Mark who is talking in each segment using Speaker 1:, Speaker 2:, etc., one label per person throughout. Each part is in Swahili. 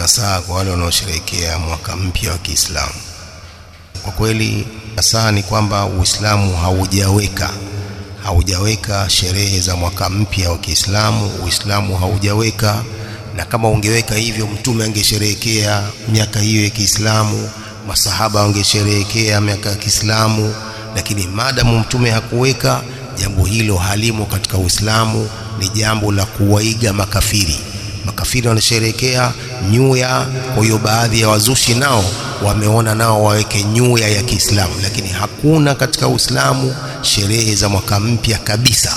Speaker 1: nasaha kwa wale wanaosherehekea mwaka mpya wa Kiislamu. Kwa kweli nasaha ni kwamba Uislamu haujaweka haujaweka sherehe za mwaka mpya wa Kiislamu, Uislamu haujaweka na kama ungeweka hivyo, Mtume angesherehekea miaka hiyo ya Kiislamu, masahaba wangesherehekea miaka ya Kiislamu, lakini maadamu Mtume hakuweka jambo hilo, halimo katika Uislamu, ni jambo la kuwaiga makafiri. Makafiri wanasherekea nyuya. Kwa hiyo baadhi ya wazushi nao wameona nao waweke nyuya ya Kiislamu, lakini hakuna katika Uislamu sherehe za mwaka mpya kabisa.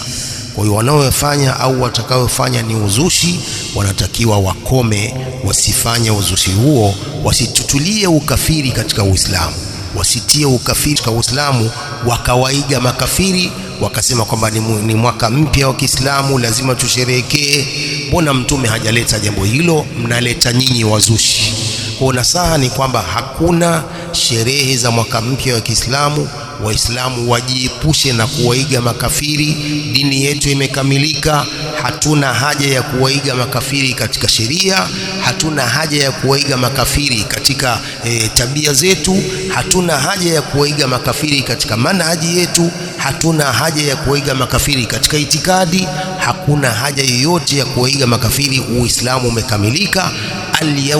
Speaker 1: Kwa hiyo wanaoyafanya au watakaofanya ni uzushi, wanatakiwa wakome, wasifanye uzushi huo, wasitutulie ukafiri katika Uislamu wasitie ukafiri katika Uislamu, wakawaiga makafiri wakasema kwamba ni mwaka mpya wa Kiislamu, lazima tusherehekee. Mbona mtume hajaleta jambo hilo? Mnaleta nyinyi wazushi. Kwa nasaha ni kwamba hakuna sherehe za mwaka mpya wa Kiislamu, Waislamu wajiepushe na kuwaiga makafiri. Dini yetu imekamilika, hatuna haja ya kuwaiga makafiri katika sheria, hatuna haja ya kuwaiga makafiri katika e, tabia zetu, hatuna haja ya kuwaiga makafiri katika manhaji yetu, hatuna haja ya kuwaiga makafiri katika itikadi, hakuna haja yoyote ya kuwaiga makafiri. Uislamu umekamilika. Al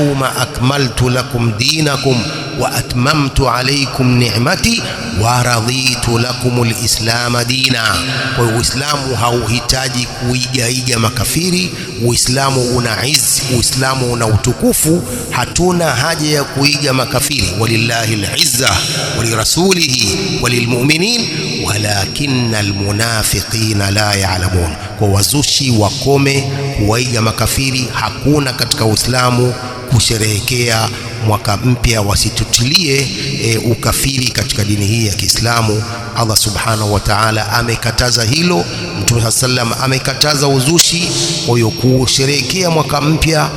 Speaker 1: akmaltu lakum dinakum wa atmamtu alaykum ni'mati wa raditu lakum lislama dina. Kwa hiyo Uislamu hauhitaji kuigaiga makafiri. Uislamu una izi, Uislamu una utukufu. Hatuna haja ya kuiga makafiri. Walillahi lizza walirasulihi walilmuminin walakinna almunafiqina la yalamun. Kwa wazushi wakome kuwaiga makafiri. Hakuna katika Uislamu kusherehekea mwaka mpya wasitutilie e, ukafiri katika dini hii ya Kiislamu. Allah subhanahu wa ta'ala amekataza hilo, Mtume sallam amekataza uzushi. Kwa hiyo kusherehekea mwaka mpya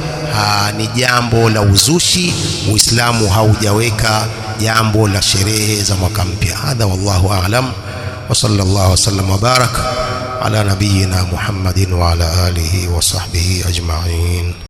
Speaker 1: ni jambo la uzushi. Uislamu haujaweka jambo la sherehe za mwaka mpya. Hadha wallahu a'lam wa sallallahu wa wabaraka ala nabiyina Muhammadin wa ala alihi wa sahbihi ajma'in.